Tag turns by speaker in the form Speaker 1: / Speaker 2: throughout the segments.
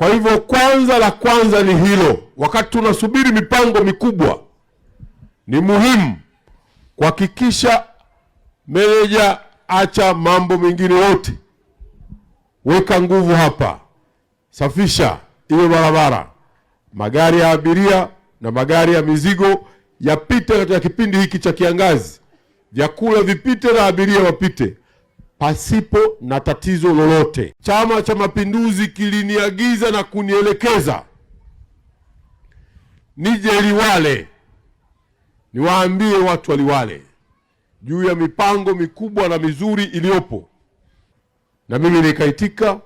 Speaker 1: Kwa hivyo kwanza la kwanza ni hilo. Wakati tunasubiri mipango mikubwa, ni muhimu kuhakikisha meneja, acha mambo mengine yote, weka nguvu hapa, safisha iwe barabara, magari ya abiria na magari ya mizigo yapite katika kipindi hiki cha kiangazi, vyakula vipite na abiria wapite pasipo na tatizo lolote. Chama cha Mapinduzi kiliniagiza na kunielekeza nije Liwale niwaambie watu wa Liwale juu ya mipango mikubwa na mizuri iliyopo, na mimi nikaitika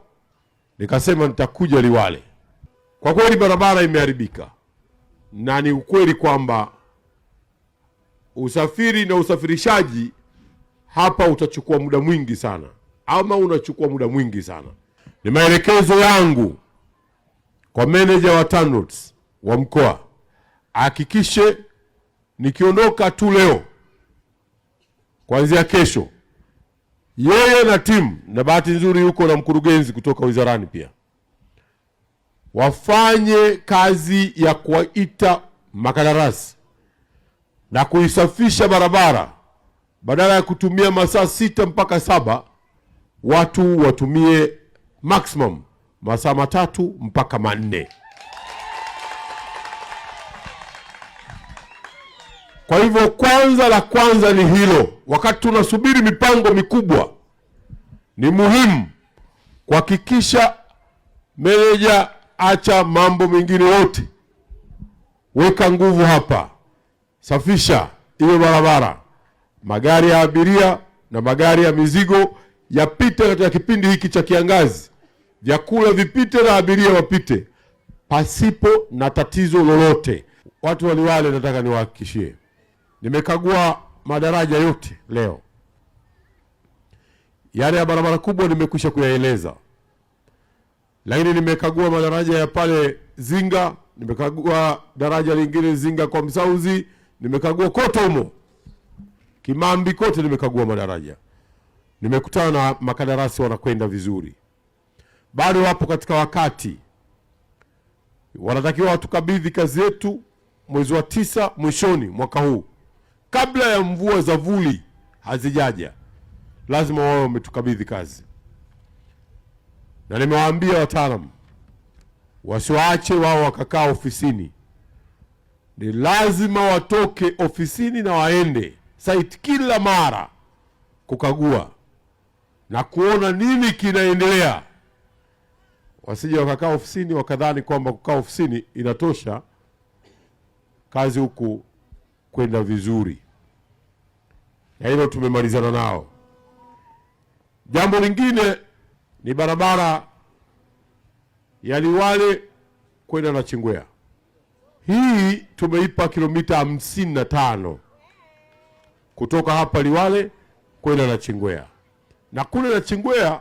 Speaker 1: nikasema nitakuja Liwale. Kwa kweli barabara imeharibika, na ni ukweli kwamba usafiri na usafirishaji hapa utachukua muda mwingi sana, ama unachukua muda mwingi sana. Ni maelekezo yangu kwa meneja wa TANROADS wa mkoa, hakikishe nikiondoka tu leo, kuanzia kesho, yeye na timu, na bahati nzuri yuko na mkurugenzi kutoka wizarani pia, wafanye kazi ya kuwaita makandarasi na kuisafisha barabara badala ya kutumia masaa sita mpaka saba watu watumie maximum masaa matatu mpaka manne. Kwa hivyo, kwanza la kwanza ni hilo. Wakati tunasubiri mipango mikubwa, ni muhimu kuhakikisha meneja, acha mambo mengine yote, weka nguvu hapa, safisha hiyo barabara magari ya abiria na magari ya mizigo yapite katika kipindi hiki cha kiangazi, vyakula vipite na abiria wapite pasipo na tatizo lolote. Watu waliwale, nataka niwahakikishie, nimekagua madaraja yote leo, yale ya barabara kubwa nimekwisha kuyaeleza, lakini nimekagua madaraja ya pale Zinga, nimekagua daraja lingine Zinga kwa Msauzi, nimekagua kote humo Kimambi kote nimekagua madaraja, nimekutana na makandarasi wanakwenda vizuri, bado wapo katika wakati, wanatakiwa watukabidhi kazi yetu mwezi wa tisa mwishoni mwaka huu, kabla ya mvua za vuli hazijaja, lazima wao wametukabidhi kazi, na nimewaambia wataalamu wasiwaache wao wakakaa ofisini, ni lazima watoke ofisini na waende site kila mara kukagua na kuona nini kinaendelea, wasije wakakaa ofisini wakadhani kwamba kukaa ofisini inatosha kazi huku kwenda vizuri, na hilo tumemalizana nao. Jambo lingine ni barabara ya Liwale kwenda Nachingwea, hii tumeipa kilomita hamsini na tano kutoka hapa Liwale kwenda na chingwea na kule na chingwea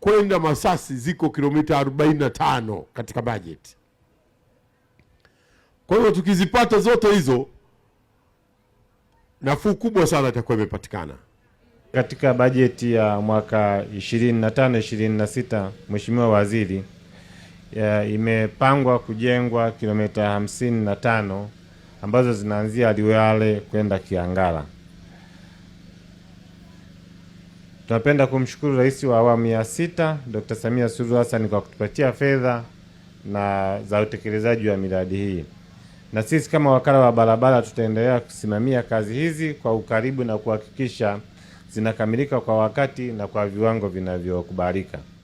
Speaker 1: kwenda Masasi ziko kilomita 45 katika bajeti. Kwa hiyo tukizipata zote hizo, nafuu kubwa sana itakuwa imepatikana.
Speaker 2: Katika bajeti ya mwaka 25 26, Mheshimiwa Waziri, imepangwa kujengwa kilomita 55 ambazo zinaanzia Liwale kwenda Kiangala. Tunapenda kumshukuru Rais wa awamu ya sita Dr. Samia Suluhu Hassan kwa kutupatia fedha na za utekelezaji wa miradi hii, na sisi kama wakala wa barabara tutaendelea kusimamia kazi hizi kwa ukaribu na kuhakikisha zinakamilika kwa wakati na kwa viwango vinavyokubalika.